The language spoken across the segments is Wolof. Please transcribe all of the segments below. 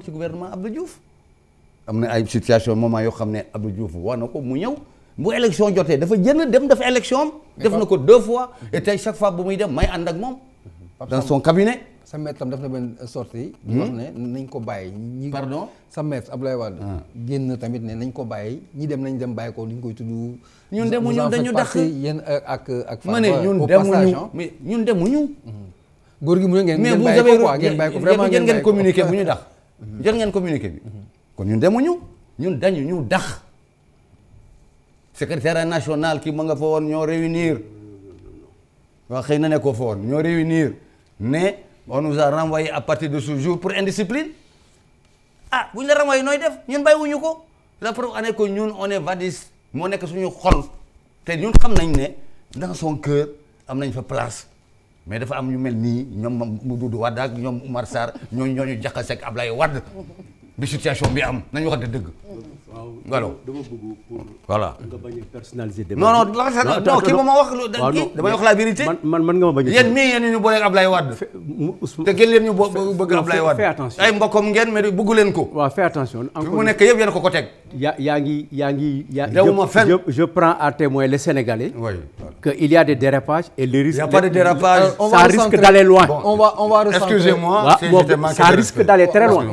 woon ci gouvernement Abdou Diouf am na ay situation moment yoo xam ne Abdou Diouf wax na ko mu ñëw bu élection jotee dafa jënd dem def élection am. def na ko deux fois et fois bu muy dem may ànd ak moom. dans son cabinet. sa maître tam def na benn sortie hmm? di wax ne nañ ko bàyyi. ñi pardon sa maître Abdoulaye Wade. Ah. génn tamit ne nañ ko bàyyi dem nañ dem bàyyi ko ni ñu koy tudd. ñun demuñu dañu dàq yéen euh, ak euh, ak. ma ne ñun hmm. mu ñu dàq. Mhm. jot ngeen communiqué bi. Mhm. kon ñun demuñu ñun dañu ñu dax secrétaire national ki ma nga fa woon ñoo réunir waaw xëy na ne ko fa woon ñoo réunir ne on nous a renvoyé à partir de ce jour pour indiscipline ah bu ñu la renvoyé nooy def ñun bàyyiwuñu ko la preuve année ñun on est vadis moo nekk suñu xol te ñun xam nañ ne ndax son cœur am nañ fa place. mais dafa am ñu mel nii ñoom Doudou Wade ak ñoom Oumar Sarr ñooñu ñooñu jaxase ak Ablaye Wade bi situation bi am nañu waxante dëgg. waaw dama bëgg pour. voilà nga bañ a personnaliser. non non non kii moom ma wax. waaw damay wax la vérité. man man nga ma bañ a. yéen mii yéen ñu booleeg Ablaye Wade. te gën leen ñu bëgg Ablaye Wade. ay mbokkam ngeen mais bëggu leen ko. waaw fais attention. mu nekk yëpp yéen ko ko teg. yaa yaa ngi yaa ngi. yaa je je prends à témoin les Sénégalais. qu'il y a des dérapages et le risque. Il n'y a on va recentrer. Si bon, ça risque très loin.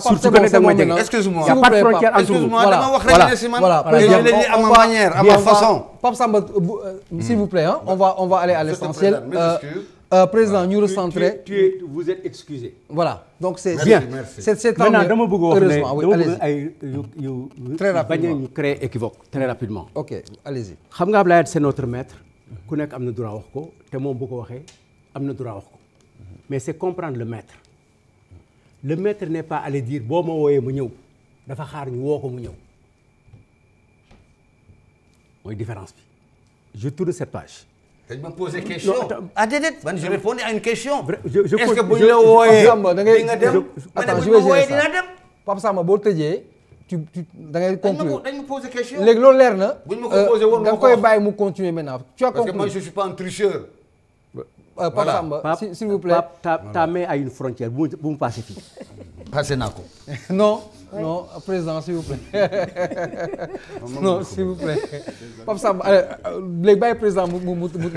surtout que ne dama jege. excusez-moi a pas de frontière entre vous. voilà voilà voilà président on va on euh, s'il vous plaît on va aller à l'essentiel. Euh, président ñu recentré. Ah, tu es voilà donc c'est bien ma c'est maintenant dama bëgg wax ne dama ay bañ a ñu créer équivoque très rapidement. ok allez-y. xam nga Abdoulaye c'est notre maître. ku nekk am na droit wax ko te moom bu ko waxee am na droit wax ko mais c'est comprendre le maître le maître n'est pas allé dire boo ma wooyee mu ñëw dafa xaar ñu woo ko mu ñëw mooy différence bi je tourne cette page. dañ ma posé question. ah déedéet man je répondais une question. je que bu ñu la wooyee di nga dem ma ne bu ñu ma wooyee dinaa dem. Pape Samba leer na. bu ñu ma ko euh, koy bàyyi mu continuer maintenant. tu as conclu parce que moi je suis pas euh, vous plaît. Pape ta ta main a une frontière bu mu bu mu passé fii. passé naa ko. non président s'il vous plaît non s'il vous plaît Pape Samba léegi bàyyi président mu mu mu mu